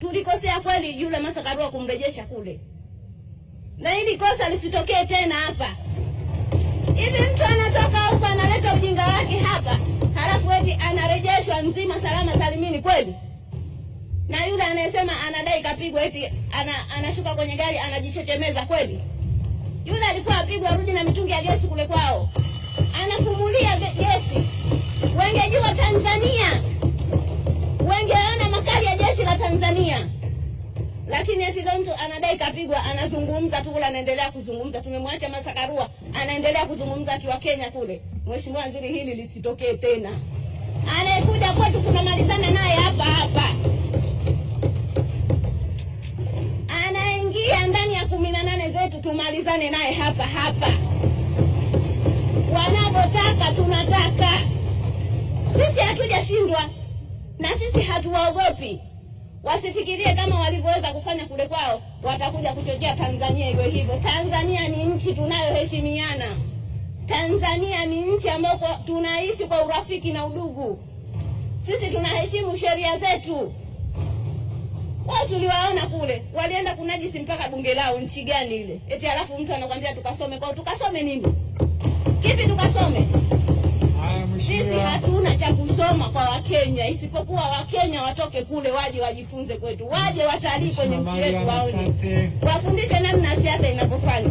Tulikosea kweli yule Martha Karua kumrejesha kule, na hili kosa lisitokee tena hapa. Hivi mtu anatoka huko analeta ujinga wake hapa, halafu eti anarejeshwa nzima salama salimini kweli? Na yule anayesema anadai kapigwa eti ana, anashuka kwenye gari anajichechemeza kweli? Yule alikuwa apigwa, rudi na mitungi ya gesi kule kwao. lakini eti leo mtu anadai kapigwa, anazungumza tu kule, anaendelea kuzungumza. Tumemwacha Masakarua anaendelea kuzungumza akiwa Kenya kule. Mheshimiwa Waziri, hili lisitokee tena. Anayekuja kwetu tunamalizana naye hapa hapa, anaingia ndani ya kumi na nane zetu tumalizane naye hapa hapa. Wanavyotaka tunataka sisi, hatujashindwa na sisi hatuwaogopi, wasifikirie kama walivyo atakuja kuchochea Tanzania iwe hivyo. Tanzania ni nchi tunayoheshimiana. Tanzania ni nchi ambayo tunaishi kwa urafiki na udugu. Sisi tunaheshimu sheria zetu. Wao tuliwaona kule walienda kunajisi mpaka bunge lao, nchi gani ile? Eti halafu mtu anakuambia tukasome kwao, tukasome nini? lawama kwa Wakenya, isipokuwa Wakenya watoke kule waje wajifunze kwetu, waje watalii kwenye nchi yetu, waone, wafundishe namna siasa inavyofanya.